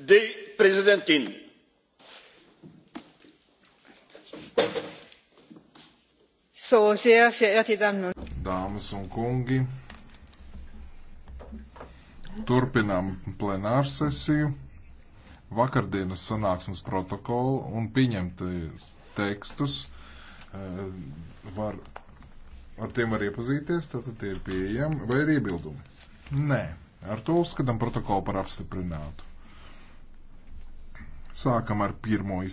the presidentin so sehr verehrte Damen und Dāmas un kungi, turpinām plenārsesiju. Vakardienas sanāksmes protokolu un pieņemtie eh, tekstus eh, var ar tiem var iepazīties, tātad tie ir pieejami, vai ir iebildumi? Nē, ar to uzskatām protokolu par apstiprinātu. Sākam ar pirmo izteikumu.